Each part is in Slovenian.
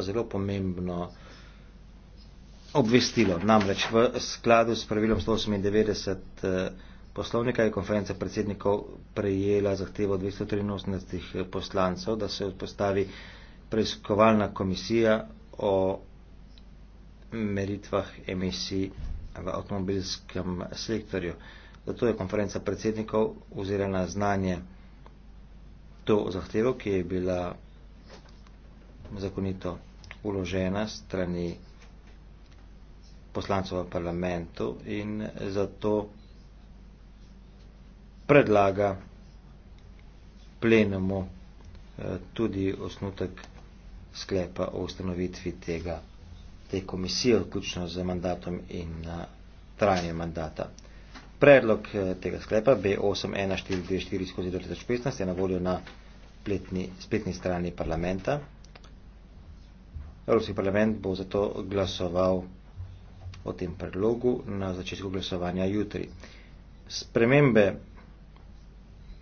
zelo pomembno obvestilo. Namreč v skladu s pravilom 198 eh, poslovnika je konferenca predsednikov prejela zahtevo 283 eh, poslancev, da se postavi preiskovalna komisija o meritvah emisij v avtomobilskem sektorju. Zato je konferenca predsednikov oziroma znanje to zahtevo, ki je bila zakonito uložena strani poslancov v parlamentu in zato predlaga plenemu eh, tudi osnutek sklepa o ustanovitvi tega, te komisije, vključno z mandatom in eh, trajanjem mandata. Predlog eh, tega sklepa B81424 skozi 2015 je na voljo na spletni strani parlamenta. Evropski parlament bo zato glasoval o tem predlogu na začetku glasovanja jutri. Spremembe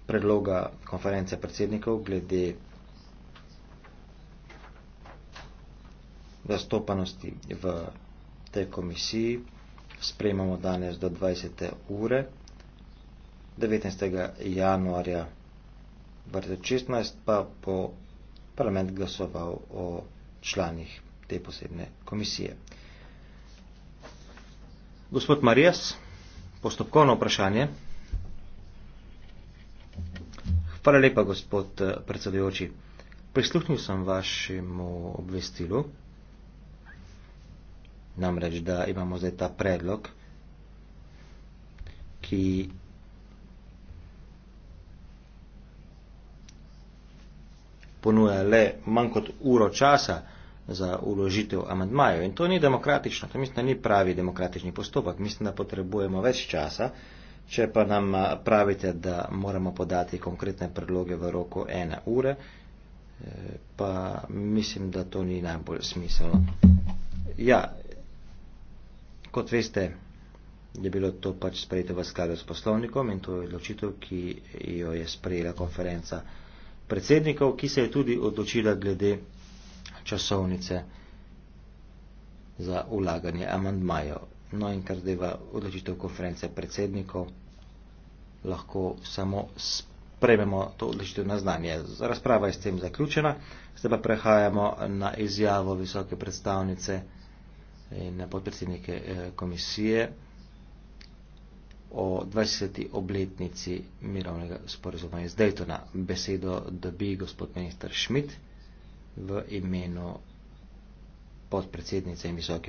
predloga konference predsednikov glede zastopanosti v tej komisiji sprejemamo danes do 20. ure 19. januarja 2016 pa bo parlament glasoval o članih te posebne komisije. Gospod Marijas, postopkovno vprašanje. Hvala lepa, gospod eh, predsedujoči. Prisluhnil sem vašemu obvestilu, namreč, da imamo zdaj ta predlog, ki ponuja le manj kot uro časa, za uložitev amadmajev. In to ni demokratično, to mislim, da ni pravi demokratični postopek. Mislim, da potrebujemo več časa, če pa nam pravite, da moramo podati konkretne predloge v roku ene ure, eh, pa mislim, da to ni najbolj smiselno. Ja, kot veste, je bilo to pač sprejeto v skladu s poslovnikom in to je odločitev, ki jo je sprejela konferenca predsednikov, ki se je tudi odločila glede časovnice za ulaganje amandmajev. No in kar deva odločitev konference predsednikov, lahko samo sprememo to odločitev na znanje. Razprava je s tem zaključena, zdaj pa prehajamo na izjavo visoke predstavnice in podpredsednike eh, komisije o 20. obletnici mirovnega sporazuma iz Daytona. Besedo dobi gospod minister Schmidt v imenu podpredsednice in visoke.